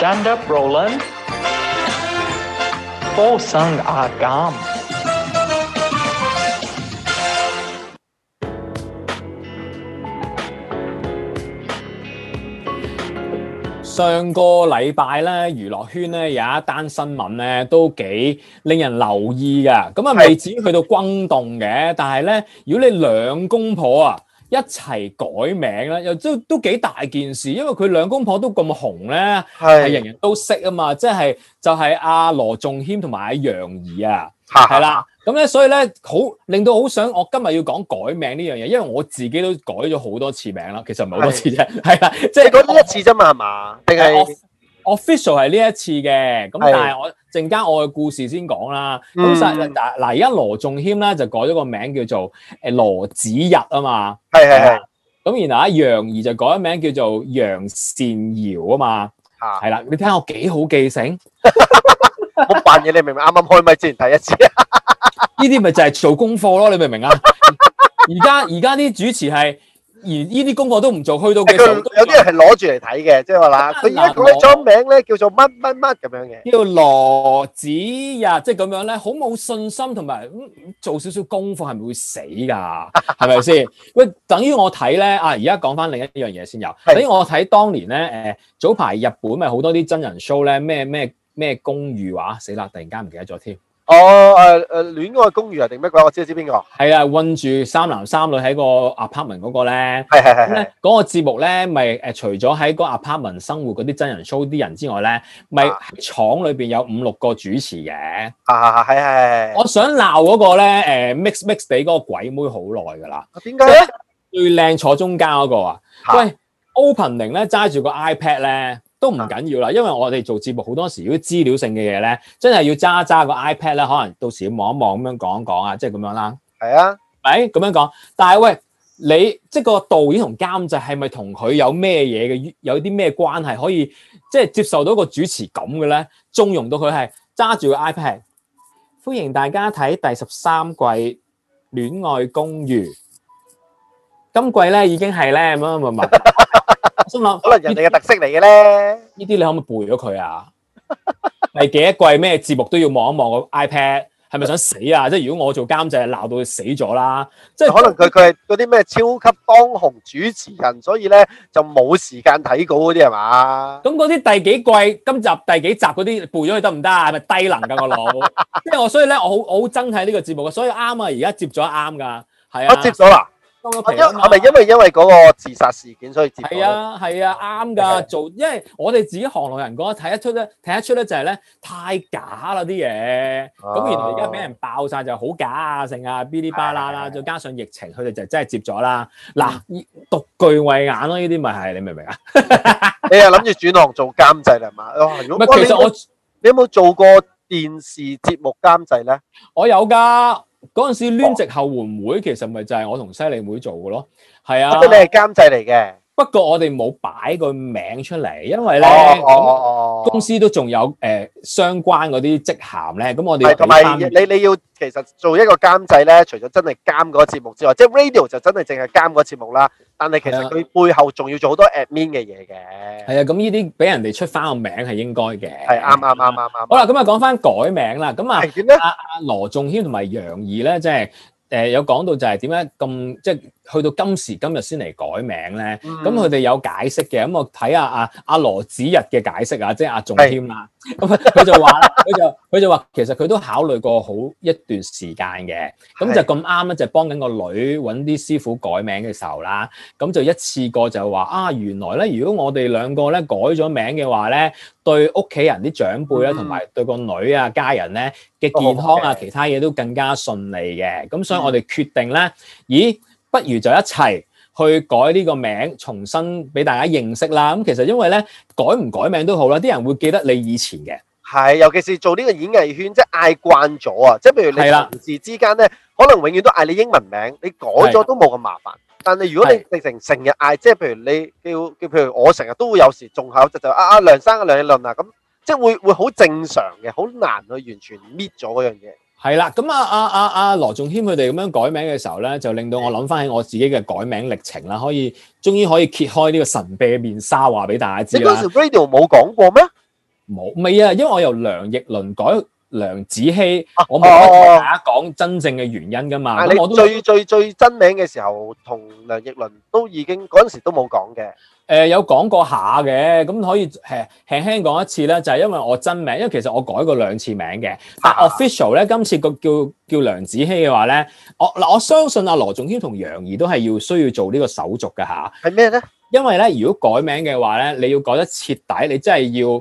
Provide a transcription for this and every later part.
Stand up, Roland. For sung agam。上個禮拜呢，娛樂圈呢有一單新聞呢，都幾令人留意㗎。咁啊，未至於去到轟動嘅，但係呢，如果你兩公婆啊，一齊改名啦，又都都幾大件事，因為佢兩公婆都咁紅咧，係是人人都識啊嘛，即係就係、是、阿、啊、羅仲謙同埋阿楊怡啊，係啦哈，咁咧所以咧好令到好想我今日要講改名呢樣嘢，因為我自己都改咗好多次名啦，其實唔係好多次啫，係啦的，即係改咗一次啫嘛，係嘛？定係？Official 係呢一次嘅，咁但係我陣間的我嘅故事先講啦。咁實嗱嗱，而家羅仲謙咧就改咗個名叫做誒羅子溢啊嘛，係係係。咁的然後阿楊怡就改咗名叫做楊茜堯啊嘛，係啦、啊。你聽我幾好記性，我扮嘢，你明唔明？啱啱開咪之前睇一次，呢啲咪就係做功課咯。你明唔明啊？而家而家啲主持係。而呢啲功課都唔做，去到幾多？有啲人係攞住嚟睇嘅，即係話啦，佢而家改咗名咧，叫做乜乜乜咁樣嘅，叫羅子呀、啊，即係咁樣咧，好冇信心同埋做少少功課，係咪會死㗎？係咪先？喂，等於我睇咧啊！而家講翻另一樣嘢先，有，是等於我睇當年咧誒，早排日本咪好多啲真人 show 咧，咩咩咩公寓話死啦，突然間唔記得咗添。哦誒誒，戀、呃、愛公寓啊定乜鬼？我知知邊個？係啊，困住三男三女喺個 apartment 嗰個咧。係係係。嗰個節目咧，咪、呃、誒除咗喺個 apartment 生活嗰啲真人 show 啲人之外咧，咪廠、啊、裏邊有五六個主持嘅、啊。係係係。我想鬧嗰個咧，誒 mix mix 地嗰個鬼妹好耐噶啦。點解、啊？最靚坐中間嗰、嗰個啊？喂，opening 咧揸住個 iPad 咧。都唔緊要啦，因為我哋做節目好多時，啲資料性嘅嘢咧，真係要揸揸個 iPad 咧，可能到時望一望咁樣講一講、就是、啊，即係咁樣啦。係啊，係咁樣講。但係喂，你即係個導演同監製係咪同佢有咩嘢嘅，有啲咩關係可以即係接受到個主持咁嘅咧？縱容到佢係揸住個 iPad，歡迎大家睇第十三季《戀愛公寓》。今季咧已經係咧，乜乜乜。可能人哋嘅特色嚟嘅咧，呢啲你可唔可以背咗佢啊？係 幾多季咩節目都要望一望個 iPad，係咪想死啊？即係如果我做監製鬧到佢死咗啦，竟然即係可能佢佢係嗰啲咩超級當紅主持人，所以咧就冇時間睇稿嗰啲係嘛？咁嗰啲第幾季、今集第幾集嗰啲背咗佢得唔得啊？係咪低能噶我腦？即係 我所以咧，我好我好憎睇呢個節目嘅，所以啱啊，而家接咗啱噶，係啊，接咗啦。 係因咪因為因為嗰個自殺事件所以接？係啊係啊，啊，啱噶做，因為我哋自己行內人講，睇得出咧，睇得出咧就係咧太假啦啲嘢。咁原來而家俾人爆晒就好假啊，成啊，嗶哩吧啦啦，是啊是啊，再加上疫情，佢哋就真係接咗啦。嗱，獨具慧眼咯，啊，呢啲咪係你明唔明 啊？你又諗住轉行做監製啦嘛？唔係，其實我你有冇做過電視節目監製咧？我有噶。嗰陣時攣直、哦、後援會其實咪就係我同犀利妹做嘅咯，係啊。我覺得你係監製嚟嘅。不過我哋冇擺個名出嚟，因為咧、哦哦、公司都仲有誒、哦嗯、相關嗰啲職銜咧，咁我哋係咪？你你要其實做一個監製咧，除咗真係監嗰個節目之外，即係 radio 就真係淨係監嗰個節目啦。但係其實佢背後仲要做好多 admin 嘅嘢嘅。係啊，咁呢啲俾人哋出翻個名係應該嘅。係啱啱啱啱啱。好啦、啊，咁啊講翻改名啦。咁啊阿阿羅仲謙同埋楊怡咧，即係誒有講到就係點樣咁即係。去到今時今日先嚟改名咧，咁佢哋有解釋嘅。咁我睇下阿、啊、阿、啊、羅子溢嘅解釋啊，即係阿、啊、仲謙啦。咁佢是就話，佢就佢就話，其實佢都考慮過好一段時間嘅。咁是就咁啱咧，就幫緊個女搵啲師傅改名嘅時候啦。咁就一次過就話啊，原來咧，如果我哋兩個咧改咗名嘅話咧，對屋企人啲長輩咧，同埋、嗯、對個女啊家人咧嘅健康啊，嗯、其他嘢都更加順利嘅。咁所以我哋決定咧，咦？不如就一齊去改呢個名，重新俾大家認識啦。咁其實因為咧，改唔改名都好啦，啲人會記得你以前嘅。係，尤其是做呢個演藝圈，即係嗌慣咗啊。即係譬如你同事之間咧，是的 可能永遠都嗌你英文名，你改咗都冇咁麻煩。是的 但係如果你直成成日嗌，即係譬如你叫叫譬，譬如我成日都會有時仲考就就啊啊，啊梁生梁一啊梁振倫啊咁，即係會會好正常嘅，好難去完全搣咗嗰樣嘢。係啦，咁啊啊啊啊羅仲謙佢哋咁樣改名嘅時候咧，就令到我諗翻起我自己嘅改名歷程啦，可以終於可以揭開呢個神秘嘅面紗，話俾大家知啦。你嗰時 radio 冇講過咩？冇未啊，因為我由梁奕倫改。梁子希，啊、我未可以同大家講真正嘅原因噶嘛。咁我、啊、最最最真名嘅時候，同梁奕倫都已經嗰陣時都冇講嘅。誒、呃、有講過下嘅。咁可以誒輕輕講一次咧，就係、是、因為我真名，因為其實我改過兩次名嘅。啊、但 official 咧，今次個叫叫梁子希嘅話咧，我嗱我相信阿羅仲謙同楊怡都係要需要做呢個手續嘅嚇。係咩咧？因為咧，如果改名嘅話咧，你要改得徹底，你真係要。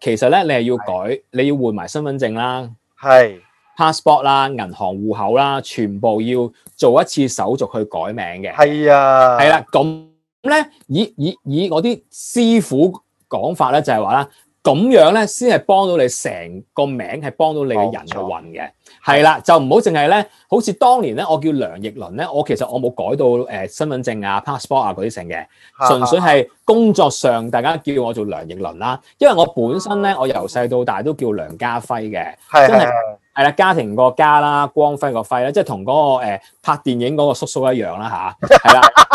其實咧，你係要改，是你要換埋身份證啦，係 passport 啦，Pass port，銀行戶口啦，全部要做一次手續去改名嘅。係啊，係啦，咁咧以以以我啲師傅講法咧，就係話啦。咁樣咧，先係幫到你成個名，係幫到你個人去運嘅，係啦，就唔好淨係咧，好似當年咧，我叫梁奕倫咧，我其實我冇改到誒身份證啊、passport 啊嗰啲成嘅。純粹係工作上大家叫我做梁奕倫啦，因為我本身咧，我由細到大都叫梁家輝嘅，的真係係啦，家庭個家啦，光輝個輝啦，即係同嗰個、呃、拍電影嗰個叔叔一樣啦嚇。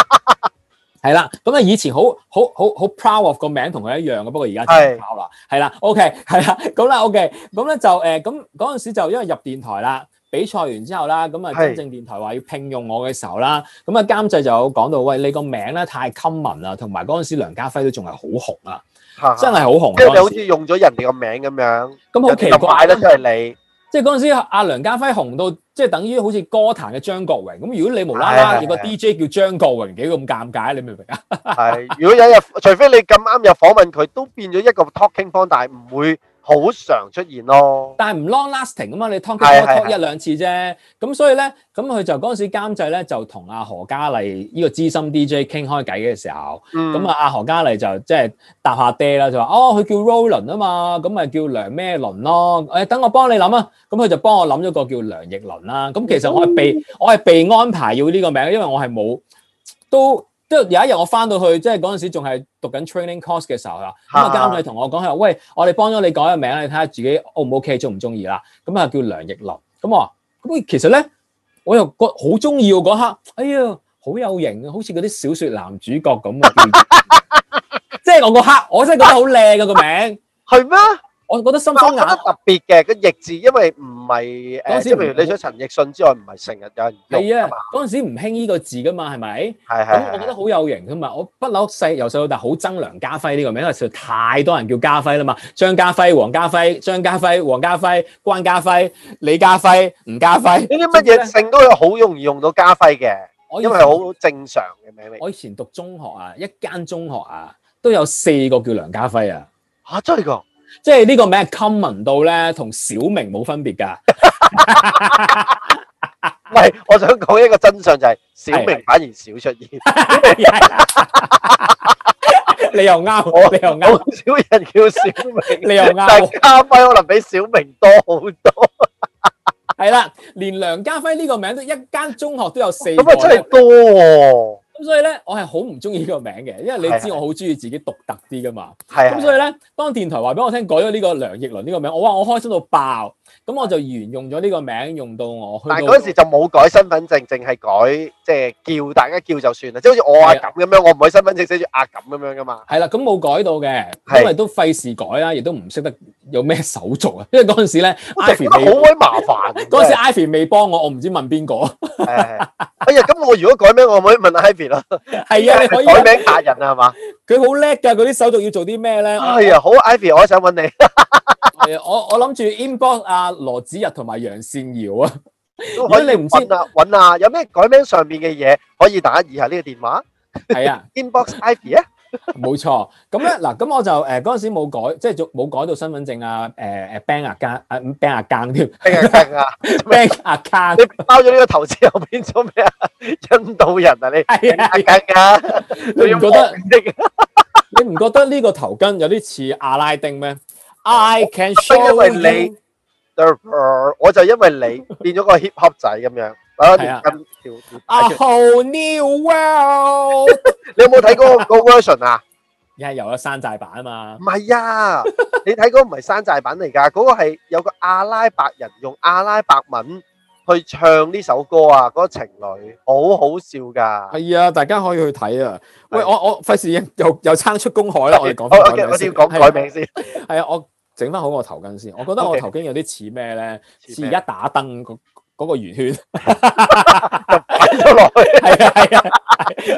係啦，咁啊以前好好好好 proud of 個名同佢一樣嘅，不過而家就唔包啦。係啦，OK，係啦，咁啦，OK，咁咧就誒，咁嗰陣時就因為入電台啦，比賽完之後啦，咁啊，真正電台話要聘用我嘅時候啦，咁啊監製就講到，喂，你個名咧太 common 啦，同埋嗰陣時梁家輝都仲係好紅啊，真係好紅，即係是你好似用咗人哋個名咁樣，咁好奇怪，真係你。即係嗰陣時，阿梁家輝紅到，即係等於好似歌壇嘅張國榮咁。如果你無啦啦有個 DJ 叫張國榮，幾咁尷尬？你明唔明啊？如果有日，除非你咁啱又訪問佢，都變咗一個 talking point，但係唔會。好常出現咯，但係唔 long lasting 啊嘛，你 talk talk 一兩次啫，咁所以咧，咁佢就嗰陣時監製咧就同阿、啊、何嘉麗呢個資深 DJ 傾開偈嘅時候，咁、嗯、啊阿何嘉麗就即係搭下爹啦，就話哦佢叫 r o 羅倫啊嘛，咁咪叫梁咩倫咯，誒、哎、等我幫你諗啊，咁佢就幫我諗咗個叫梁奕倫啦，咁其實我係被、哦、我係被安排要呢個名，因為我係冇都。即係有一日我翻到去，即係嗰陣時仲係讀緊 training course 嘅時候啦。咁啊，監製同我講係，喂，我哋幫咗你改個名，你睇下自己 O 唔 O K，中唔中意啦？咁啊，嗯、叫梁奕麟。咁我咁其實咧，我又覺好中意嗰刻，哎呀，好有型啊，好似嗰啲小説男主角咁。即係我個刻，我真係覺得好靚嘅個名，係咩？我覺得心中《心莊顏》特別嘅個奕字，因為唔係誒，時呃、即係譬如你除陳奕迅之外，唔係成日有人。你啊的，嗰陣吧時唔興呢個字噶嘛，係咪？係係，咁我覺得好有型㗎嘛！我不嬲細，由細到大好憎梁家輝呢個名，因為實在太多人叫家輝啦嘛，張家輝、王家輝、張家輝、王家輝、關家輝、李家輝、吳家輝，呢啲乜嘢姓都有，好容易用到家輝嘅，我因為好正常嘅名。我以前讀中學啊，一間中學啊，都有四個叫梁家輝啊。嚇、啊！真係㗎？即係呢個名 common 到咧，同小明冇分別噶。喂， 我想講一個真相就係、是，小明反而少出現。 你又啱，我，你又啱。好少人叫小明， 你又啱對。梁家輝可能比小明多好多。係 啦， 連梁家輝呢個名都一間中學都有四個。咁啊，出嚟多喎。所以呢，我係好唔中意呢個名嘅，因為你知我好中意自己獨特啲㗎嘛。咁的，所以呢，當電台話俾我聽改咗呢個梁逸麟呢個名，我話我開心到爆。咁我就沿用咗呢個名，用到我去到。但係嗰時就冇改身份證，淨係改即係叫大家叫就算啦。即係好似我阿錦咁樣，的我唔改身份證寫，寫住阿錦咁樣噶嘛。係啦，咁冇改到嘅的，因為都費事改啦，亦都唔識得有咩手續啊。因為嗰陣時咧，Ivy 未好鬼麻煩。嗰陣時 Ivy 未幫我，我唔知問邊個。哎呀，咁我如果改名，我唔可以問 Ivy 咯。係啊，你可以改名達人啊嘛。佢好叻噶，佢啲手續要做啲咩咧？哎呀，好 Ivy，我想揾你。我我諗住 inbox 阿羅子日同埋楊善堯啊，都可以，你唔知啊，揾啊揾啊，有咩改名上面嘅嘢，可以打以下呢個電話。係啊，inbox Ivy 啊，冇錯。咁咧嗱，咁我就誒嗰陣時冇改，即係冇改到身份證啊誒誒 Bank account，唔 Bank account 添，Bank account 啊，Bank account，你包咗呢個頭之後變咗咩啊？印度人啊你，係啊，係咁噶。你唔覺得？你唔覺得呢個頭巾有啲似阿拉丁咩？I can show you，我就因為你變咗個 hip hop 仔咁樣，係啊，跳跳。A whole new world，你有冇睇嗰個 version 啊？而家有咗山寨版啊嘛？唔係啊，你睇嗰個唔係山寨版嚟㗎，嗰個係有個阿拉伯人用阿拉伯文。去唱呢首歌啊，嗰情侶好好笑㗎。係啊，大家可以去睇啊。喂，我我費事又又撐出公海啦。我哋講翻改名先。係啊，我整翻好我頭巾先。我覺得我頭巾有啲似咩咧？似一打燈嗰嗰個圓圈。翻咗落去。係啊係啊，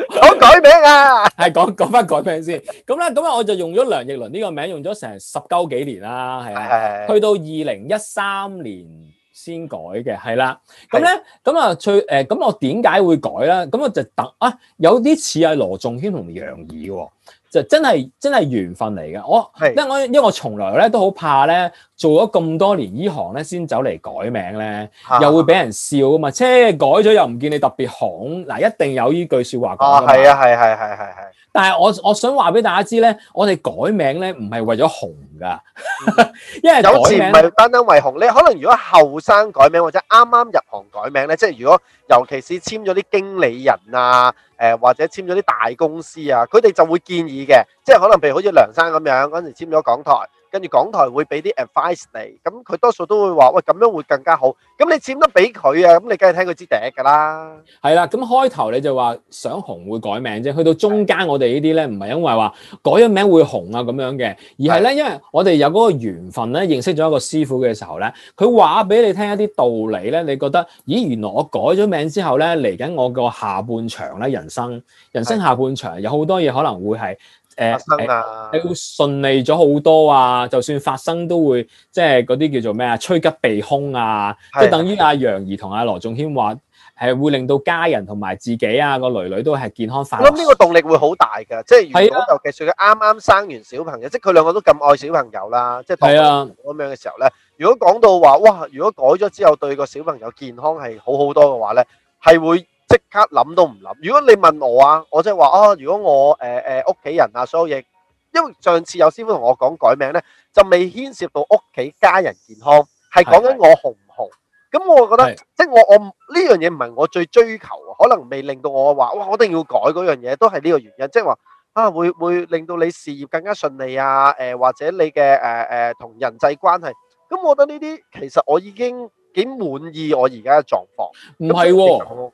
講改名啊。係講講翻改名先。咁咧咁啊，我就用咗梁奕倫呢個名，用咗成十鳩幾年啦。係啊，去到二零一三年。先改嘅係啦，咁咧咁啊最誒，咁、嗯是的 嗯、我點解會改咧？咁我就等啊，有啲似係羅仲謙同楊怡喎，就真係真係緣分嚟嘅。我因為我因為我從來咧都好怕咧，做咗咁多年呢行咧，先走嚟改名咧，又會俾人笑啊嘛。即係改咗又唔見你特別紅，嗱一定有依句説話講啊。係啊，係係係係係。但係我我想話俾大家知咧，我哋改名咧唔係為咗紅㗎， 因為改名唔係單單為紅，你可能如果後生改名，或者啱啱入行改名咧，即係如果尤其是簽咗啲經理人啊，誒、呃、或者簽咗啲大公司啊，佢哋就會建議嘅，即係可能譬如好似梁生咁樣，嗰陣時簽咗港台。跟住港台會俾啲 advice 你，咁佢多數都會話：喂，咁樣會更加好。咁你錢都俾佢啊，咁你梗係聽佢支笛噶啦。係啦，咁開頭你就話想紅會改名啫，去到中間我哋呢啲咧，唔係因為話改咗名會紅啊咁樣嘅，而係咧，因為我哋有嗰個緣分咧，認識咗一個師傅嘅時候咧，佢話俾你聽一啲道理咧，你覺得，咦，原來我改咗名之後咧，嚟緊我個下半場咧人生，人生下半場有好多嘢可能會係。誒，係、啊欸、會順利咗好多啊！就算發生，都會即係嗰啲叫做咩啊？趨吉避凶啊，即係等於阿、啊、楊怡同阿羅仲謙話，係會令到家人同埋自己啊個囡囡都係健康發生。我諗呢個動力會好大㗎，即係如果是的就其實佢啱啱生完小，小朋友，的即係佢兩個都咁愛小朋友啦，即係當父母咁樣嘅時候咧。的如果講到話，哇！如果改咗之後對個小朋友健康係好好多嘅話咧，係會。即刻諗都唔諗。如果你問我啊，我即係話啊，如果我誒誒屋企人啊，所有嘢，因為上次有師傅同我講改名咧，就未牽涉到屋企家人健康，係講緊我紅唔紅。咁我覺得即係我我呢樣嘢唔係我最追求啊，可能未令到我話哇，我一定要改嗰樣嘢，都係呢個原因，即係話啊會會令到你事業更加順利啊，誒或者你嘅誒誒同人際關係，咁我覺得呢啲其實我已經幾滿意我而家嘅狀況，唔係喎。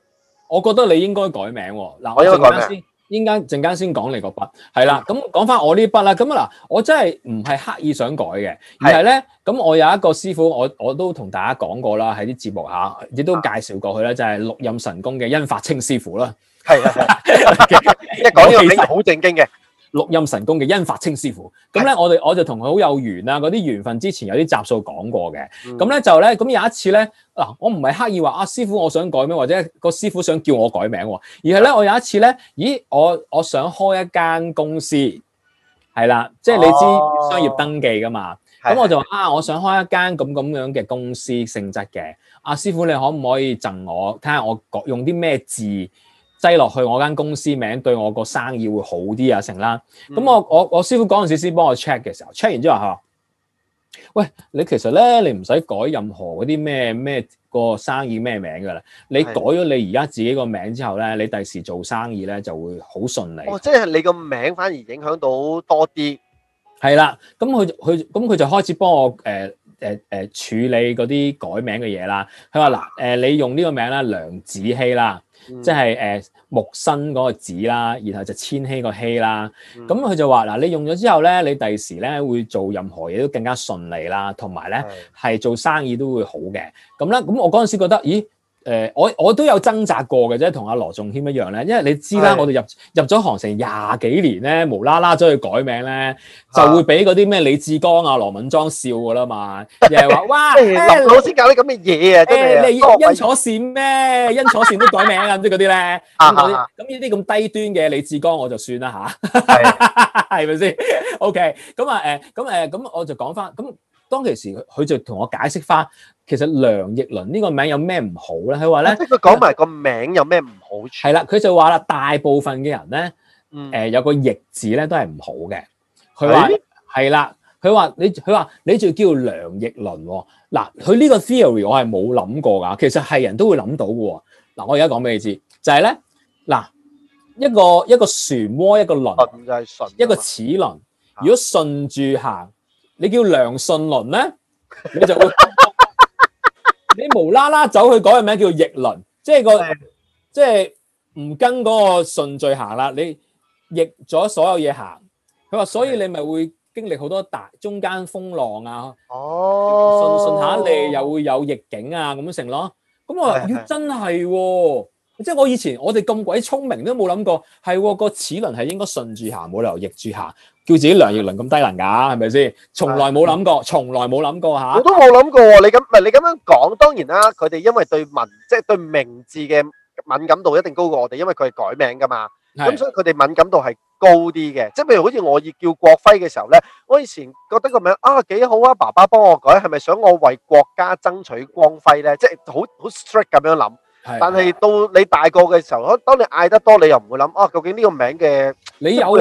我覺得你應該改名喎，嗱我陣間先，應間陣間先講你個筆，係啦，咁講翻我呢筆啦，咁啊嗱，我真係唔係刻意想改嘅，而係咧，咁的我有一個師傅，我我都同大家講過啦，喺啲節目下亦都介紹過佢咧，就係、是、錄音神功嘅殷法清師傅啦，係啊， 一講呢個名好正經嘅。錄音神功嘅恩法清師傅，咁咧我哋我就同佢好有緣啊！嗰啲緣分之前有啲集數講過嘅，咁咧就咧咁有一次咧，嗱我唔係刻意話啊師傅我想改名，或者個師傅想叫我改名喎，而係咧我有一次咧，咦我我想開一間公司，係啦，即係你知商業登記噶嘛，咁我就話啊我想開一間咁咁樣嘅公司性質嘅，阿師傅你可唔可以贈我睇下我用啲咩字？擠落去我間公司名對我個生意會好啲啊，成啦、嗯。咁我我我師傅嗰陣時先幫我 check 嘅時候，check 完之後佢話：喂，你其實咧，你唔使改任何嗰啲咩咩個生意咩名噶啦。你改咗你而家自己個名之後咧，你第時做生意咧就會好順利。哦，即係你個名反而影響到多啲。係啦，咁佢佢咁佢就開始幫我誒。呃誒誒、呃、處理嗰啲改名嘅嘢啦，佢話嗱誒，你用呢個名啦，梁子希啦，即係誒、呃、木生嗰個子啦，然後就千禧個希啦，咁佢、嗯、就話嗱，你用咗之後咧，你第時咧會做任何嘢都更加順利啦，同埋咧係做生意都會好嘅。咁咧咁我嗰陣時覺得，咦？誒、呃，我我都有掙扎過嘅啫，同阿羅仲謙一樣咧，因為你知啦，我哋是的 入入咗行成廿幾年咧，無啦啦走去改名咧，是的 就會俾嗰啲咩李志剛啊、羅敏莊笑噶啦嘛，又係話哇，林老師搞啲咁嘅嘢啊，欸、你因錯線咩？因錯線都改名啊，咁嗰啲咧，咁呢啲咁低端嘅李志剛我就算啦吓，係咪先？OK，咁啊誒，咁誒，咁我就講翻咁。當其時，佢就同我解釋返，其實梁奕倫呢個名有咩唔好咧？佢話咧，即係佢講埋個名有咩唔好？係啦，佢就話啦，大部分嘅人咧，誒、嗯呃、有個奕字咧都係唔好嘅。佢話係啦，佢話的你佢話你仲叫梁奕倫喎？嗱，佢呢個 theory 我係冇諗過㗎，其實係人都會諗到嘅喎。嗱，我而家講俾你知，就係咧嗱，一個一個漩渦一個輪，輪就一個齒輪，如果順住行。你叫梁信倫咧，你就會你無啦啦走去改個名叫逆倫，即係個即係唔跟嗰個順序行啦。你逆咗所有嘢行，佢話所以你咪會經歷好多大中間風浪啊。哦，順順下你又會有逆境啊咁樣成咯。咁我話要真係喎。即係我以前我哋咁鬼聰明都冇諗過，係個齒輪係應該順住行，冇理由逆住行。叫自己梁亦倫咁低能㗎，係咪先？從來冇諗過，從、哎、呀來冇諗過嚇。哎、呀過我都冇諗過，你咁唔你咁樣講，當然啦。佢哋因為對文即係對名字嘅敏感度一定高過我哋，因為佢係改名㗎嘛。咁是所以佢哋敏感度係高啲嘅。即係譬如好似我要叫國輝嘅時候咧，我以前覺得個名啊幾好啊，爸爸幫我改，係咪想我為國家爭取光輝咧？即係好好 strict 咁樣諗。但係到你大個嘅時候，當你嗌得多，你又唔會諗啊？究竟呢個名嘅你有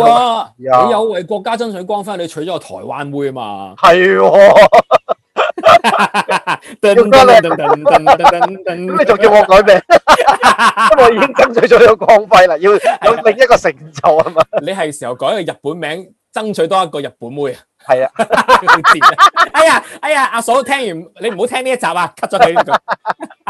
你有為國家爭取光輝，你娶咗個台灣妹啊嘛？係，點解你你仲叫我改名？因為我已經爭取咗個光輝啦，要有另一個成就啊嘛！你係時候改個日本名，爭取多一個日本妹啊！係啊，哎呀哎呀，阿嫂，聽完你唔好聽呢一集啊，cut 咗佢。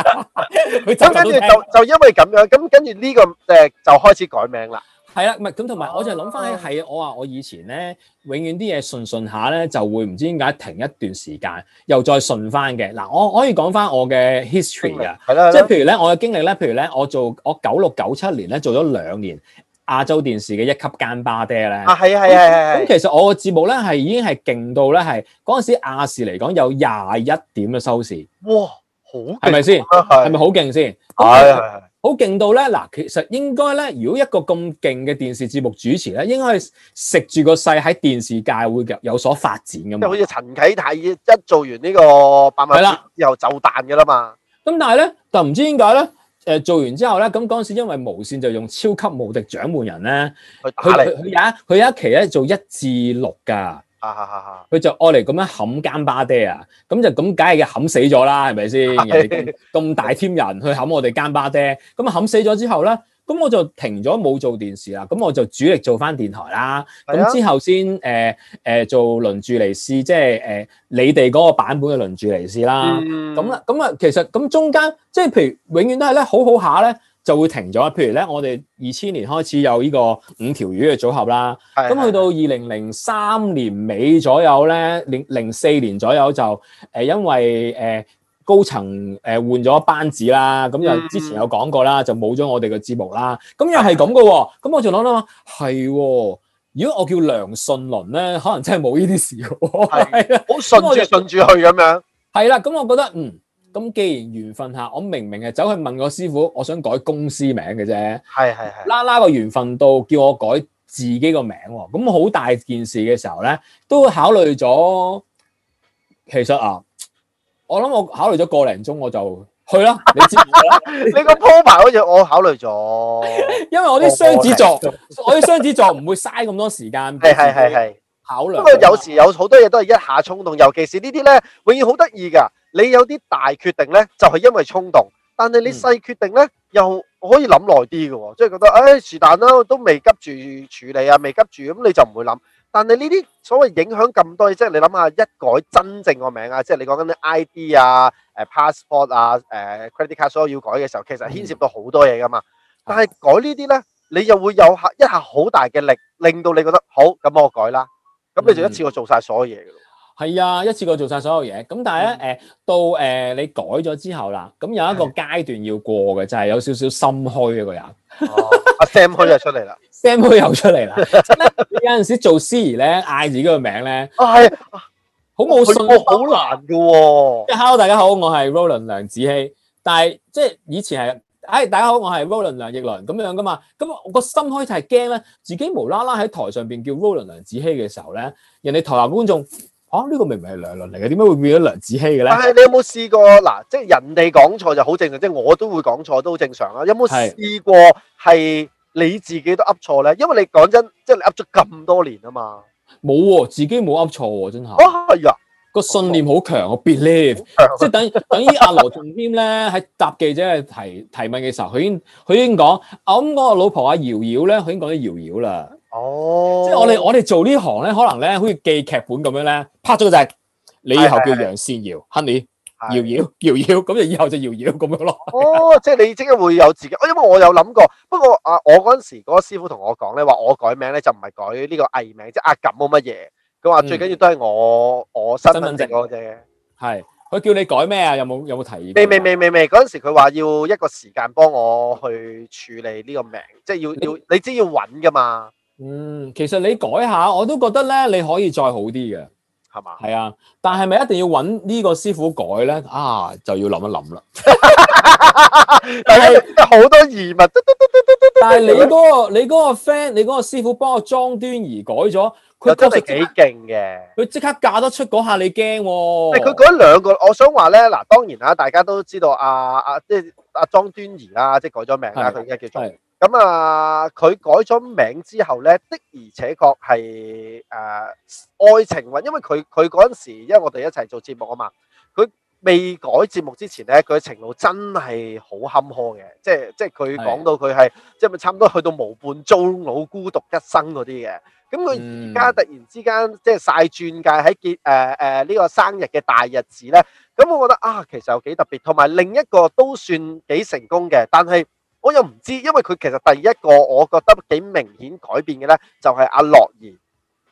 咁跟住就就因為咁樣，咁跟住呢個誒就開始改名啦。係啦，唔係咁同埋，我就諗翻起係，我話我以前咧，永遠啲嘢，順順下咧，就會唔知點解停一段時間，又再順翻嘅。嗱，我可以講翻我嘅 history 啊，即係譬如咧，我嘅經歷咧，譬如咧，我做我九六九七年，咧做咗兩年亞洲電視嘅一級間巴爹咧，啊係啊係啊係，咁其實我嘅節目咧係已經係勁到咧，係嗰陣時亞視嚟講有廿一點嘅收視，哇！係咪先？係咪好勁先？係係係，好勁到咧嗱，其實應該咧，如果一個咁勁嘅電視節目主持咧，應該係食住個勢喺電視界會有所發展噶嘛。即係好似陳啟泰一做完呢個百萬，係啦的，又走彈噶啦嘛。咁但係咧，就唔知點解咧，誒，做完之後咧，咁嗰陣時因為無線就用超級無敵掌門人咧，佢佢佢有一佢有一期咧做一至六噶。啊哈哈哈！佢就愛嚟咁樣冚奸巴爹啊，咁、啊啊啊、就咁梗係佢冚死咗啦，係咪先？咁大添人去冚我哋奸巴爹，咁啊冚死咗 之後咧，咁我就停咗冇做電視啦，咁我就主力做翻電台啦。咁、啊、之後先誒誒做輪住嚟試，即係誒、呃、你哋嗰個版本嘅輪住嚟試啦。咁啦、嗯，咁啊，其實咁中間即係譬如永遠都係咧，好好下咧。就會停咗。譬如咧，我哋二千年開始有呢個五條魚嘅組合啦。咁去是的 到二零零三年尾左右咧，零零四年左右就誒，因為誒高層誒換咗班子啦。咁又、嗯、之前有講過啦，就冇咗我哋嘅節目啦。咁又係咁嘅喎。咁是的 我就諗諗，係。如果我叫梁信倫咧，可能真係冇呢啲事喎。係啊的，好 的順住就順住去咁樣。係啦。咁我覺得嗯。咁既然緣分吓，我明明係走去問個師傅，我想改公司名嘅啫，係係係啦，啦個緣分到叫我改自己個名喎，咁好大件事嘅時候咧，都會考慮咗。其實啊，我諗我考慮咗個零鐘我就去啦，你個 problem 好似我考慮咗， 因為我啲雙子座， 我啲雙子座唔會嘥咁多時間，係係係不過有時有好多嘢都係一下衝動，尤其是呢啲咧，永遠好得意噶。你有啲大決定咧，就係因為衝動，但係你細決定咧，又可以諗耐啲嘅。即係覺得誒是但啦，都未急住處理啊，未急住咁，你就唔會諗。但係呢啲所謂影響咁多，即係你諗下一改真正個名啊，即係你講緊啲 I D 啊、誒 passport 啊、誒 credit card 所有要改嘅時候，其實牽涉到好多嘢噶嘛。但係改呢啲咧，你又會有下一下好大嘅力，令到你覺得好，咁我改啦。咁你就一次過做晒所有嘢嘅咯，係啊，一次過做晒所有嘢。咁但係咧，誒、嗯，到誒、呃、你改咗之後啦，咁有一個階段要過嘅，就係、是、有少少心虛嘅個人。阿、哦 啊、Sam Hui 又出嚟啦，Sam Hui 又出嚟啦。 有陣時做司儀咧，嗌自己個名咧，哦係、啊，好冇信，難好難噶、哦。即 Hello, 大家好，我係 Roland 梁子希，但係即係以前係。唉，hey，大家好，我係 Roland 梁奕倫咁樣噶嘛，咁我個心開就係驚咧，自己無啦啦喺台上邊叫 Roland 梁子希嘅時候咧，人哋台南觀眾啊，呢個明明係梁奕倫嚟嘅，點解會變咗梁子希嘅咧？但係、啊、你有冇試過嗱，即係人哋講錯就好正常，即係我都會講錯都好正常啦、啊。有冇試過係你自己都噏錯咧？因為你講真，即係你噏咗咁多年啊嘛，冇喎、啊，自己冇噏錯喎，真係。啊，個信念好強，我 believe，小聲即係等，等於阿羅仲添咧喺答記者嘅提提問嘅時候，佢已經佢已經講、嗯啊哦，我諗老婆阿瑤瑤咧，佢已經講咗瑤瑤啦。哦，即係我哋我哋做行呢行咧，可能咧，好似記劇本咁樣咧，拍咗就係你以後叫楊倩瑤、哎、呀，Honey，瑤瑤瑤瑤，咁就以後就瑤瑤咁樣咯。哦，即係你即刻會有自己，因為我有諗過，不過啊，我嗰陣時嗰師傅同我講咧，話我改名咧就唔係改呢個藝名，即係阿咁冇乜嘢。啊啊啊啊話最緊要都係我、嗯、我身份證嗰隻，係佢叫你改咩啊？有冇有冇提議？未未未未未，嗰陣時佢話要一個時間幫我去處理呢個名，即係要要你知要穩噶嘛？嗯，其實你改下，我都覺得咧，你可以再好啲嘅。係嘛？係啊，但係咪一定要揾呢個師傅改咧？啊，就要諗一諗啦。 但係好多疑問，但係你嗰個你嗰個 friend，你嗰個師傅幫我莊端儀改咗，佢確實幾勁嘅，佢即刻嫁得出嗰下你驚、哦。但佢改兩個，我想話咧，嗱，當然啦，大家都知道啊，阿即係阿莊端儀啦，即係改咗名啦，佢依家叫做。咁、嗯、啊，佢改咗名之後咧，的而且確係誒愛情運，因為佢佢嗰陣時，因為我哋一齊做節目啊嘛，佢未改節目之前咧，佢嘅情路真係好坎坷嘅，即係即係佢講到佢係即係咪差唔多去到無伴遭老孤獨一生嗰啲嘅，咁佢而家突然之間、嗯、即係晒鑽戒喺結誒誒呢個生日嘅大日子咧，咁我覺得啊，其實又幾特別，同埋另一個都算幾成功嘅，但係。我又唔知，因為佢其實第一個我覺得幾明顯改變嘅咧，就係、是、阿、啊、樂兒，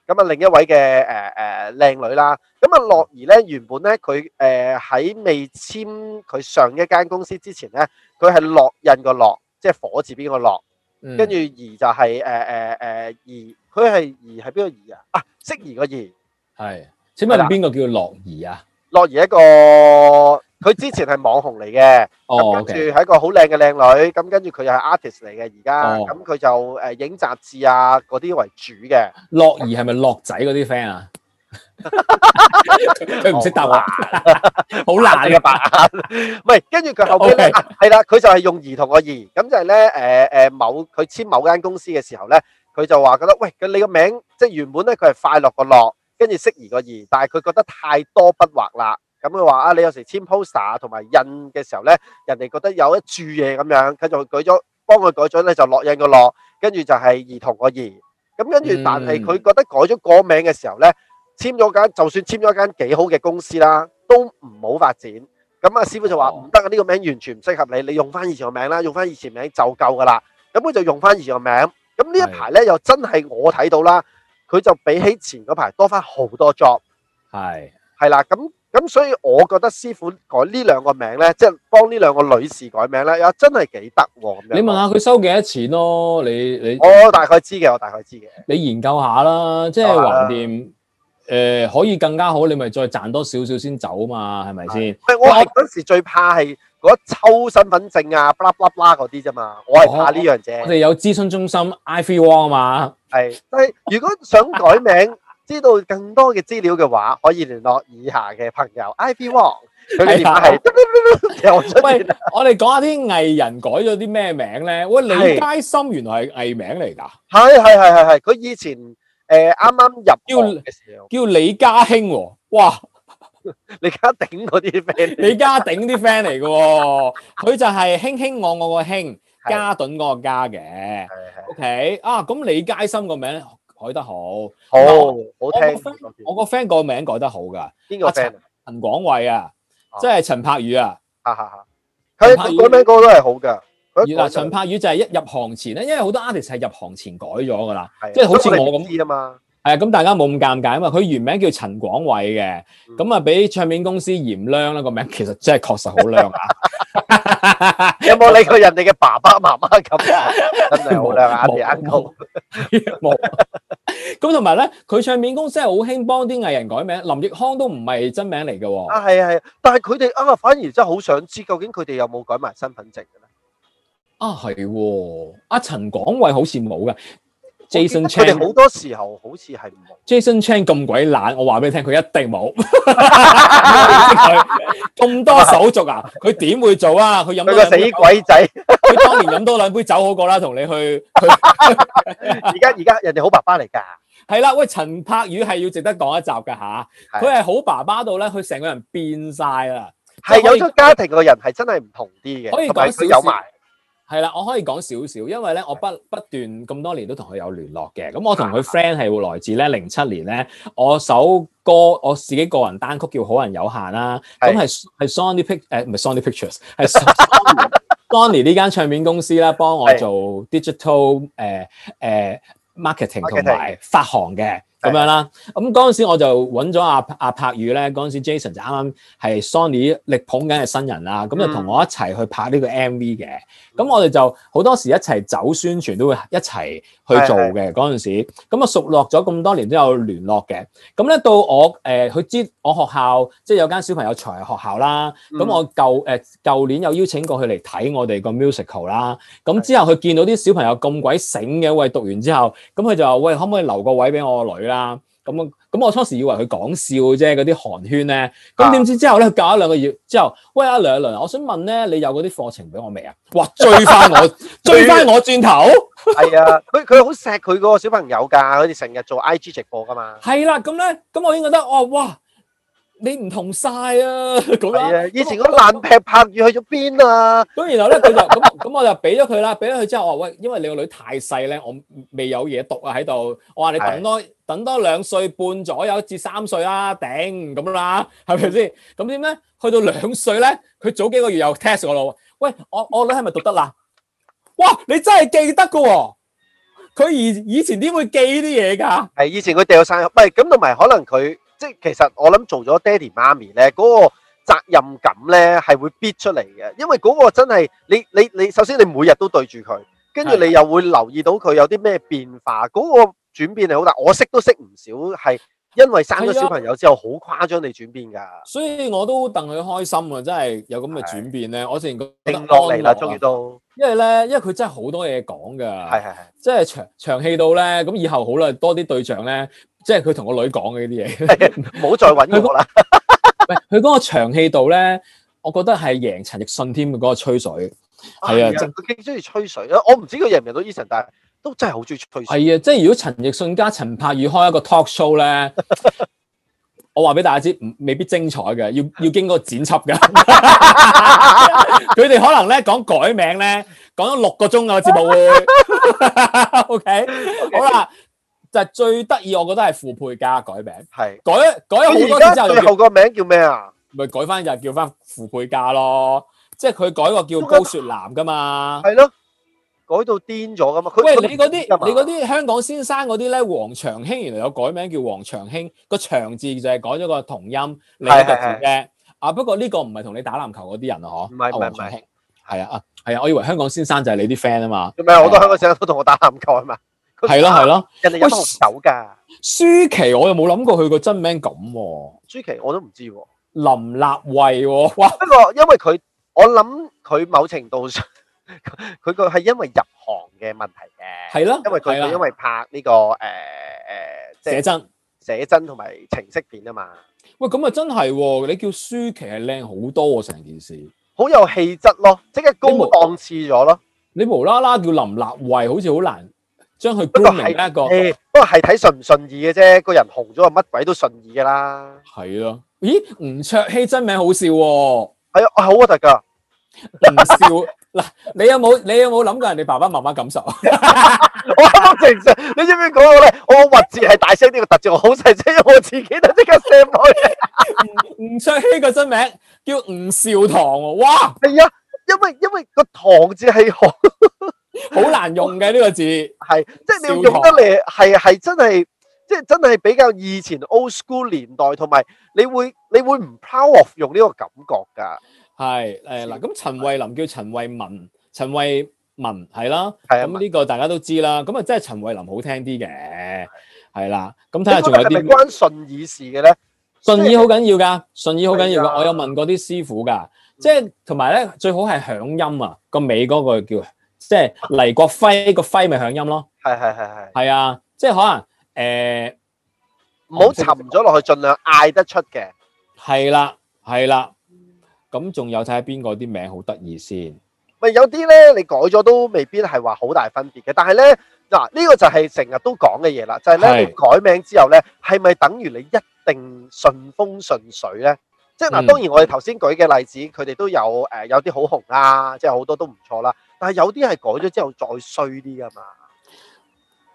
咁啊另一位嘅誒誒靚女啦，咁啊樂兒咧，原本咧佢誒喺未簽佢上一間公司之前咧，佢係烙印個烙，即係火字邊、嗯，就是呃呃、個烙，跟住兒就係誒誒誒兒，佢係兒係邊個兒啊？啊，釋兒個兒係，請問邊個叫樂兒啊？吧樂兒一個。佢之前係網紅嚟嘅，咁跟住係一個好靚嘅靚女，咁跟住佢又係 artist 嚟嘅，而家咁佢就誒影雜誌啊嗰啲為主嘅。樂兒係咪樂仔嗰啲 friend 啊？佢唔識答我，好難㗎，白眼。唔係，跟住佢後邊咧，係啦，佢就係用兒童個兒，咁就係咧誒誒某佢簽某間公司嘅時候咧，佢就話覺得喂，佢你個名即係原本咧佢係快樂個樂，跟住適宜個宜，但係佢覺得太多筆畫啦。咁佢話啊，你有時簽 poster 同埋印嘅時候咧，人哋覺得有一注嘢咁樣，佢就舉咗幫佢改咗咧，就落印個落，跟住就係兒童個兒。咁跟住，但係佢覺得改咗個名嘅時候咧，簽咗間就算簽咗間幾好嘅公司啦，都唔好發展。咁阿師傅就話唔得啊，呢個名完全唔適合你，你用翻以前個名啦，用翻以前名就夠噶啦。咁佢就用翻以前個名。咁呢一排咧又真係我睇到啦，佢就比起前嗰排多翻好多 job。係，係啦，咁。咁所以，我覺得師傅改呢兩個名咧，即係幫呢兩個女士改名咧，又真係幾得喎。你問下佢收幾多錢咯？你你我大概知嘅，我大概知嘅。你研究下啦，即係橫掂，誒、呃、可以更加好，你咪再賺多少少先走啊嘛？係咪先？我我嗰時最怕係嗰啲抽身份證啊，啦卜啦嗰啲啫嘛，我係怕呢樣啫。我哋有諮詢中心 Ivy One 啊嘛。係，但係如果想改名。 知道更多嘅資料嘅話，可以聯絡以下嘅朋友，IP One。佢嘅電話係，又出現啦。喂，我哋講下啲藝人改咗啲咩名咧？喂，李嘉森原來係藝名嚟噶。係係係係係，佢以前誒啱啱入叫叫李嘉興。哇，李家鼎嗰啲 friend，李家鼎啲 friend 嚟嘅。佢就係卿卿我我個卿，嘉頓嗰個嘉嘅。係係。O K，啊，咁李嘉森個名。改得好，好，我聽。我個 friend 個名改得好噶，邊個 friend？陳廣偉啊，即係陳柏宇啊，哈哈哈，佢改名嗰個都係好噶。原來，陳柏宇就係一入行前咧，因為好多 artist 係入行前改咗噶啦，即係好似我咁啊嘛。係啊，咁大家冇咁尷尬啊嘛。佢原名叫陳廣偉嘅，咁啊俾唱片公司嫌靚啦，個名其實真係確實好靚啊。有冇理過人哋嘅爸爸媽媽咁？真係好靚眼，眼高冇。咁同埋咧，佢唱片公司係好興幫啲藝人改名，林奕康都唔係真名嚟嘅。啊，係啊係啊，但係佢哋啊，反而真係好想知，究竟佢哋有冇改埋身份證嘅咧？啊係，阿陳廣偉好似冇嘅。Jason Chan 佢哋好多時候好似係冇。Jason Chan 咁鬼懶，我話俾你聽，佢一定冇。咁 多手續啊，佢點會做啊？佢飲多兩杯， 個死鬼仔，佢當年飲多兩杯酒好過啦，同你去。而 家而家人哋好爸爸嚟噶。係啦， 喂，陳柏宇係要值得講一集噶吓。佢係好爸爸度咧，佢成個人變晒啦。係是有個家庭嘅人係真係唔同啲嘅，可同埋有埋。係啦，我可以講少少，因為咧我不不斷咁多年都同佢有聯絡嘅。咁我同佢 friend 係會來自咧零七年咧，我首歌我自己個人單曲叫《好人有限》啦是，咁係係 Sony Pick 誒，唔係 Sony Pictures 係 Sony 呢間唱片公司啦，幫我做 digital 誒、呃、誒、呃、marketing 同埋發行嘅。咁樣啦，咁嗰陣時我就揾咗阿阿柏宇咧，嗰陣時 Jason 就啱啱係 Sony 力捧緊嘅新人啦，咁就同我一齊去拍呢個 MV 嘅，咁我哋就好多時一齊走宣傳都會一齊去做嘅嗰陣時，咁啊熟落咗咁多年都有聯絡嘅，咁咧到我誒佢、呃、知我學校即係、就是、有間小朋友才藝學校啦，咁我舊誒舊年有邀請過佢嚟睇我哋個 musical 啦，咁之後佢見到啲小朋友咁鬼醒嘅，喂，讀完之後，咁佢就話喂，可唔可以留個位俾我個女？啦咁啊咁，我初時以為佢講笑啫，嗰啲寒暄咧。咁點知之後咧教咗兩個月之後，喂阿梁阿倫，我想問咧，你有嗰啲課程俾我未 啊？哇，追翻我，追翻我轉頭。係啊，佢佢好錫佢嗰個小朋友噶，佢哋成日做 I G 直播噶嘛。係啦，咁咧，咁我已經覺得哦，哇！你唔同晒啊！咁、嗯、啊，以前個爛劈拍住去咗邊啊？咁然後咧，佢就咁，咁 我就俾咗佢啦。俾咗佢之後，我話喂，因為你個女太細咧，我未有嘢讀啊喺度。我話，你等多的等多兩歲半左右至三歲啊，頂咁啦，係咪先？咁點咧？去到兩歲咧，佢早幾個月又 test 我咯。喂，我我女係咪讀得啦？哇！你真係記得㗎喎！佢以以前點會記呢啲嘢㗎？係以前佢掉曬，唔係咁同埋可能佢。即係其實我諗做咗爹哋媽咪咧，嗰個責任感咧係會逼出嚟嘅，因為嗰個真係你你你，首先你每日都對住佢，跟住你又會留意到佢有啲咩變化，嗰個轉變係好大。我識都識唔少，係因為生咗小朋友之後好誇張地轉變噶。所以我都戥佢開心啊！真係有咁嘅轉變咧，我自然覺得安樂嚟啦，終於都。因為咧，因為佢真係好多嘢講噶，係係係，即係長長氣到咧，咁以後好啦，多啲對象咧。即係佢同個女講嘅呢啲嘢，唔好再搵我啦。喂，佢嗰個長氣度咧，我覺得係贏陳奕迅添嘅嗰個吹水。係啊，佢幾中意吹水。我唔知佢贏唔贏到 Eason，但係都真係好中意吹水。係啊，即係如果陳奕迅加陳柏宇開一個 talk show 咧， 我話俾大家知，唔未必精彩嘅，要要經過剪輯嘅。佢 哋可能咧講改名咧，講咗六個鐘個節目會。 OK， 好啦。就最得意，我覺得係傅佩嘉改名，係改改咗好多年之後，後個名叫咩啊？咪改翻就叫翻傅佩嘉咯，即係佢改個叫高雪男噶嘛？係咯，改到癲咗噶嘛？喂，你嗰啲，你嗰啲香港先生嗰啲咧，黃長興原來有改名叫黃長興，個長字就係改咗個同音另一個字嘅。啊，不過呢個唔係同你打籃球嗰啲人啊，嗬？唔係唔係唔係，係啊啊，係啊，我以為香港先生就係你啲 friend 啊嘛？做咩好多香港先生都同我打籃球啊嘛？係咯係咯，人哋有手噶。舒淇，我又冇諗過佢個真名咁喎。舒淇，我都唔知喎。林立慧喎，哇！不過因為佢，我諗佢某程度上，佢個係因為入行嘅問題嘅。係咯的，因為佢係因為拍呢個誒誒寫真、寫真同埋情色片啊嘛。喂，咁啊真係，你叫舒淇係靚好多成件事。好有氣質咯，即係高檔次咗咯。你無啦啦叫林立慧，好似好難。將佢，搬過係一個，嗯、不過係睇順唔順意嘅啫。個人紅咗，乜鬼都順意噶啦。係啊，咦？吳卓羲真名好笑喎。係啊，好核突噶。吳少嗱，你有冇你有冇諗過人哋爸爸媽媽感受？ 我啱諗住，你知唔知講我咧？我核字係大聲啲，個突字好細聲，我自己都即刻卸開。吳 卓羲個真名叫吳少棠啊！哇，係啊， 因為因為，因為個棠字係好。」 好 難用嘅呢個字，係即係你要用得嚟，係係真係，即係真係比較以前 old school 年代，同埋你會你會唔 power off 用呢個感覺噶？係誒嗱，咁陳慧琳叫陳慧文，陳慧文係啦，係咁呢個大家都知啦，咁啊即係陳慧琳好聽啲嘅，係啦，咁睇下仲有啲關順耳事嘅咧，順耳好緊要噶，順耳好緊要噶，的我有問過啲師傅噶，即係同埋咧最好係響音啊個尾嗰個叫。即係黎國輝個輝咪響音咯，係係係係，係啊，即係可能誒，唔好沉咗落去，盡量嗌得出嘅，係啦係啦，咁仲有睇下邊個啲名好得意先。咪有啲咧，你改咗都未必係話好大分別嘅。但係咧嗱，呢個就係成日都講嘅嘢啦，就係咧你改名之後咧，係咪等於你一定順風順水咧？即係嗱，當然我哋頭先舉嘅例子，佢哋都有誒，有啲好紅啊，即係好多都唔錯啦。但係有啲係改咗之後再衰啲噶嘛？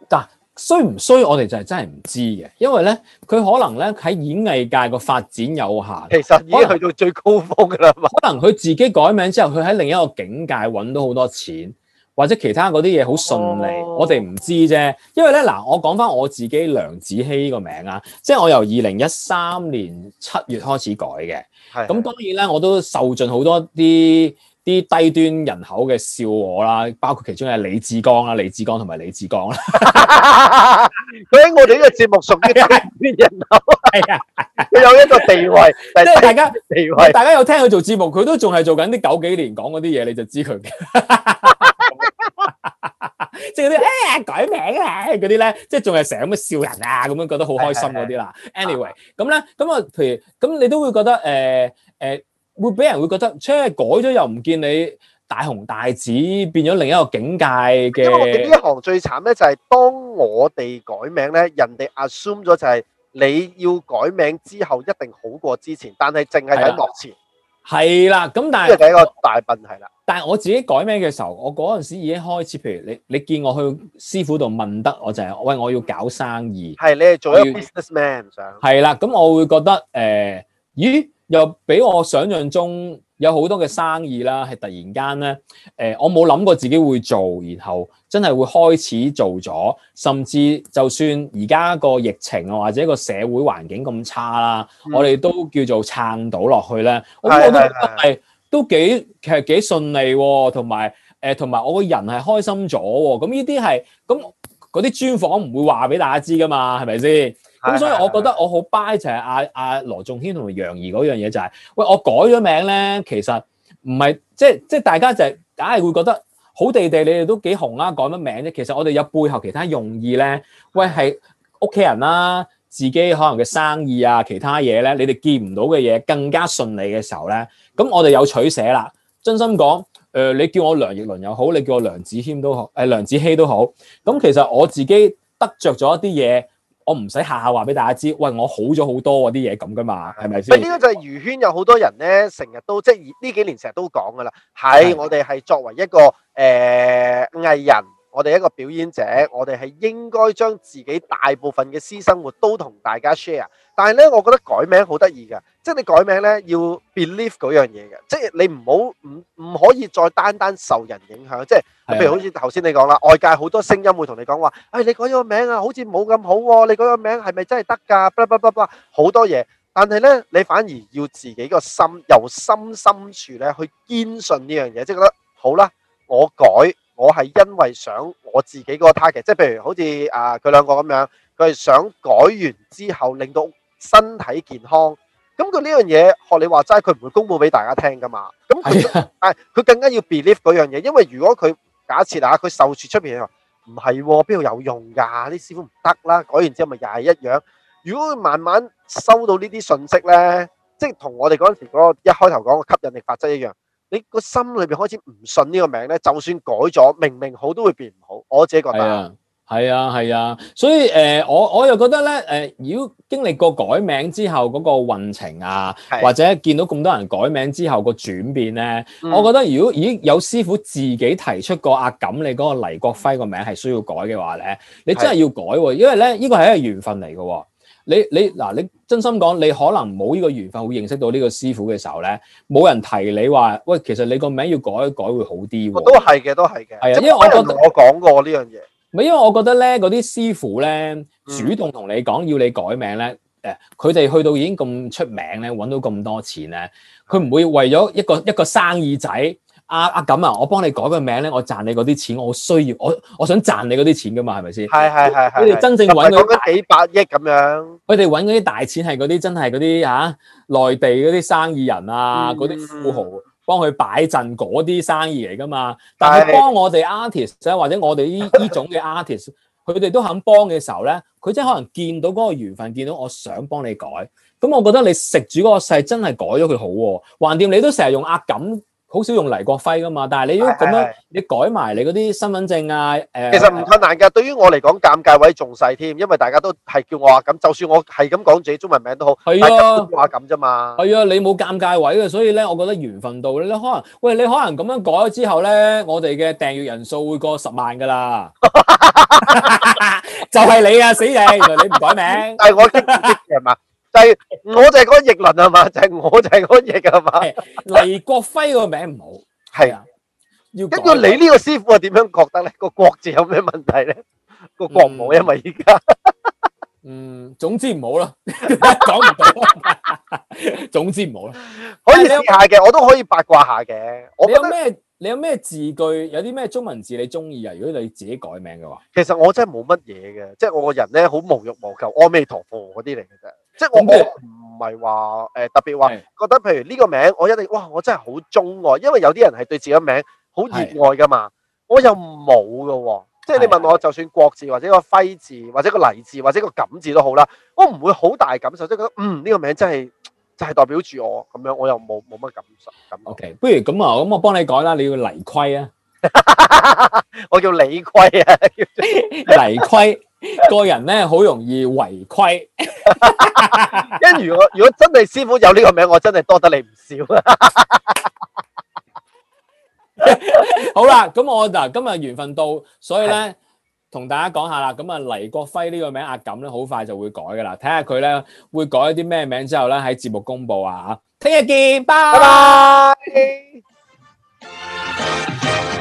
但衰唔衰我哋就係真係唔知嘅，因為咧佢可能咧喺演藝界個發展有限，其實已經去到最高峰噶啦。可能佢自己改名之後，佢喺另一個境界揾到好多錢，或者其他嗰啲嘢好順利，哦、我哋唔知啫。因為咧嗱，我講翻我自己梁子希個名啊，即係我由二零一三年七月開始改嘅。咁的當然咧，我都受盡好多啲，啲低端人口嘅笑我啦，包括其中係李志剛啦，李志剛同埋李志剛啦。佢喺 我哋呢個節目屬於啲人口，係啊，佢有一個地位，即係大家地位，大家有聽佢做節目，佢都仲係做緊啲九幾年講嗰啲嘢，你就知佢，哎啊。即係嗰啲誒改名啊，嗰啲咧，即係仲係成日咁樣笑人啊，咁樣覺得好開心嗰啲啦。Anyway，咁咧，咁啊，譬如咁，你都會覺得誒誒。會俾人會覺得，即係改咗又唔見你大紅大紫，變咗另一個境界嘅。因為我哋呢一行最慘咧，就係當我哋改名咧，人哋 assume 咗就係你要改名之後一定好過之前，但係淨係喺目前。係啦，咁但係。即係睇個大笨係啦。但係我自己改名嘅時候，我嗰陣時已經開始，譬如你你見我去師傅度問得，我就係喂，我要搞生意。係你係做一 businessman 就係。係啦，咁我會覺得誒，咦？又俾我想象中有好多嘅生意啦，係突然間咧，誒、呃，我冇諗過自己會做，然後真係會開始做咗，甚至就算而家個疫情啊或者個社會環境咁差啦，嗯、我哋都叫做撐到落去咧。咁、嗯、我覺得係的都幾其實幾順利喎，同埋誒同埋我個人係開心咗喎。咁呢啲係咁嗰啲專訪唔會話俾大家知噶嘛，係咪先？咁、嗯、所以，我覺得我好 buy 就係阿阿羅仲謙同埋楊怡嗰樣嘢、就是，就係喂，我改咗名咧，其實唔係即即大家就係、是，梗係會覺得好地地，你哋都幾紅啦、啊，改乜名啫？其實我哋有背後其他用意咧，喂，係屋企人啦、啊，自己可能嘅生意啊，其他嘢咧，你哋見唔到嘅嘢，更加順利嘅時候咧，咁我哋有取捨啦。真心講，誒、呃，你叫我梁奕倫又好，你叫我梁子謙都好，誒、哎，梁子希都好。咁其實我自己得着咗一啲嘢。我唔使下下話俾大家知，喂，我好咗好多喎啲嘢，咁噶嘛，係咪先？喂，呢個、啊、就係娛圈有好多人咧，成日都即係呢幾年成日都講噶啦，係我哋係作為一個誒藝、呃、人。我哋一個表演者，我哋係應該將自己大部分嘅私生活都同大家 share。但係咧，我覺得改名好得意嘅，即係你改名咧要 believe 嗰樣嘢嘅，即係你唔好唔唔可以再單單受人影響，即係譬如好似頭先你講啦，外界好多聲音會同你講話，誒，你改咗個名啊好似冇咁好喎，你嗰個名係咪真係得噶？blah blah blah blah 好多嘢，但係咧你反而要自己個心由心深處咧去堅信呢樣嘢，即係覺得好啦，我改。我係因為想我自己嗰個 target，即係譬如好似啊佢兩個咁樣，佢係想改完之後令到身體健康。咁佢呢樣嘢學你話齋，佢唔會公布俾大家聽噶嘛。咁佢，但佢、 啊、更加要 believe 嗰樣嘢，因為如果佢假設啊，佢受處出邊話唔係邊度有用㗎，啲師傅唔得啦，改完之後咪又係一樣。如果佢慢慢收到訊呢啲信息咧，即係同我哋嗰陣時嗰個一開頭講嘅吸引力法則一樣，你個心裏邊開始唔信呢個名咧，就算改咗，明明好都會變唔好。我自己覺得係啊，係啊，啊，所以誒、呃，我我又覺得咧，誒、呃，如果經歷過改名之後嗰個運程啊，啊或者見到咁多人改名之後個轉變咧，嗯、我覺得如果已有師傅自己提出過阿錦，你嗰個黎國輝個名係需要改嘅話咧，你真係要改、啊，啊、因為咧呢個係一個緣分嚟嘅、啊。你你嗱，你真心講，你可能冇呢個緣分，會認識到呢個師傅嘅時候咧，冇人提你話，喂，其實你個名要改一改會好啲。都係嘅，都係嘅。係啊，因為我覺得我講過呢樣嘢。唔係，因為我覺得咧，嗰啲師傅咧，主動同你講要你改名咧，誒，佢哋去到已經咁出名咧，揾到咁多錢咧，佢唔會為咗一個一個生意仔。啊阿啊咁啊！我幫你改個名咧，我賺你嗰啲錢，我需要，我我想賺你嗰啲錢噶嘛，係咪先？係係係係。佢哋真正揾到幾百億咁樣，佢哋揾嗰啲大錢係嗰啲真係嗰啲啊內地嗰啲生意人啊，嗰啲、嗯、富豪幫佢擺陣嗰啲生意嚟噶嘛。但係幫我哋 artist、啊、或者我哋呢依種嘅 artist，佢哋都肯幫嘅時候咧，佢真係可能見到嗰個緣分，見到我想幫你改。咁我覺得你食住嗰個勢真係改咗佢好喎，啊，橫掂你都成日用阿錦。好少用黎國輝噶嘛，但係你如果咁樣，你改埋你嗰啲身份證啊，誒，其實唔困難噶。對於我嚟講，尷尬位仲細添，因為大家都係叫我話咁，就算我係咁講自己中文名都好，係啊，話咁啫嘛。係啊，你冇尷尬位嘅，所以咧，我覺得緣分到咧，可能喂，你可能咁樣改咗之後咧，我哋嘅訂閱人數會過十萬噶啦。就係你啊，死你！原來你唔改名，係我。就係我就係嗰個逆論係嘛，就係、是、我就係嗰個逆係嘛。黎國輝個名唔好，係啊的，要跟住你呢個師傅啊，點樣覺得咧？個國字有咩問題咧？個國唔好，因為而家嗯，總之唔好咯，講唔到， 總之唔好咯。 可以試下嘅，我都可以八卦下嘅。有我有咩？你有咩字句？有啲咩中文字你中意啊？如果你自己改名嘅話，其實我真係冇乜嘢嘅，即、就、係、是、我個人咧，好無慾無求，阿彌陀佛嗰啲嚟嘅啫。即係我如我唔係話誒特別話覺得譬如呢個名我一定，哇我真係好鍾愛，因為有啲人係對自己個名好熱愛噶嘛，的我又冇噶、哦，即係你問我就算國字或者個徽字或者個黎字或者個錦字，字都好啦，我唔會好大感受，即、就、係、是、覺得嗯呢、這個名真係就係代表住我咁樣，我又冇冇乜感受咁。OK 不如咁啊，咁我幫你改啦，你要黎規啊，我叫李規啊，黎 規。個人咧好容易違規，因為如果如果真係師傅有呢個名，我真係多得你唔少。好啦，咁我嗱今日緣分到，所以咧同大家講下啦。咁啊黎國輝呢個名壓感咧，好快就會改噶啦。睇下佢咧會改一啲咩名之後咧喺節目公布啊。聽日見，拜拜。